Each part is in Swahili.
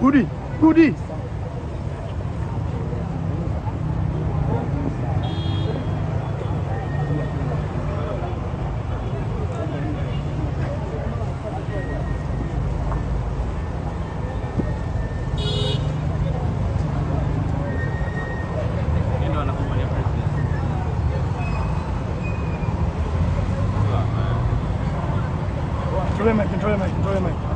우리 우리 Control your mic, control your mic, control your mic.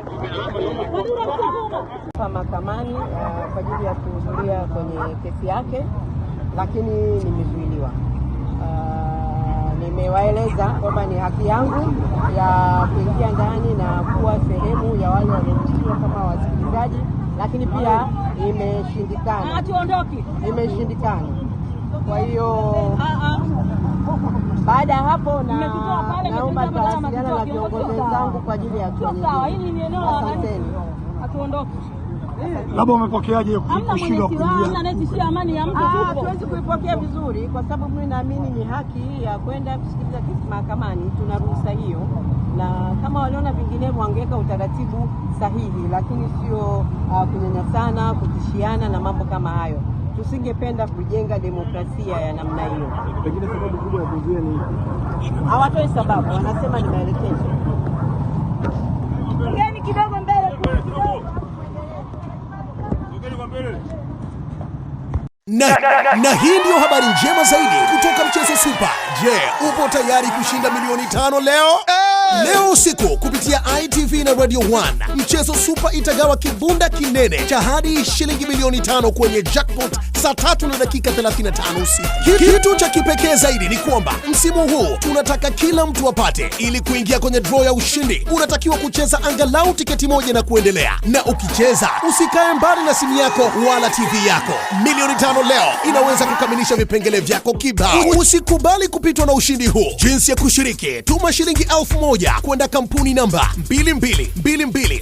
mahakamani uh, kwa ajili ya kuhudhuria kwenye kesi yake, lakini nimezuiliwa. Uh, nimewaeleza kwamba ni haki yangu ya kuingia ndani na kuwa sehemu ya wale waliohusika kama wasikilizaji, lakini pia imeshindikana, imeshindikana kwa hiyo baada ya hapo, na naomba nitawasiliana na viongozi wenzangu kwa ajili ya hatua nyingine. Asanteni. Labda umepokeaje kushindwa ah, tuwezi kuipokea vizuri, kwa sababu mimi naamini ni haki ya kwenda kusikiliza kesi mahakamani, tuna ruhusa hiyo, na kama waliona vinginevyo wangeweka utaratibu sahihi, lakini sio uh, kunyanyasana, kutishiana na mambo kama hayo tusingependa kujenga demokrasia ya namna hiyo. Pengine sababu kubwa ya kuzuia ni hawatoi sababu, wanasema ni maelekezo. Ngeni kidogo mbele na, na hii ndiyo habari njema zaidi kutoka mchezo Super. Je, upo tayari kushinda milioni tano leo? Leo usiku kupitia ITV na Radio 1 mchezo Super itagawa kibunda kinene cha hadi shilingi milioni tano kwenye jackpot saa tatu na dakika 35 usiku. Kitu cha kipekee zaidi ni kwamba msimu huu tunataka kila mtu apate. Ili kuingia kwenye draw ya ushindi, unatakiwa kucheza angalau tiketi moja na kuendelea, na ukicheza usikae mbali na simu yako wala TV yako. Milioni tano leo inaweza kukamilisha vipengele vyako kibao. Usikubali kupitwa na ushindi huu. Jinsi ya kushiriki: tuma shilingi elfu moja kwenda kampuni namba 2222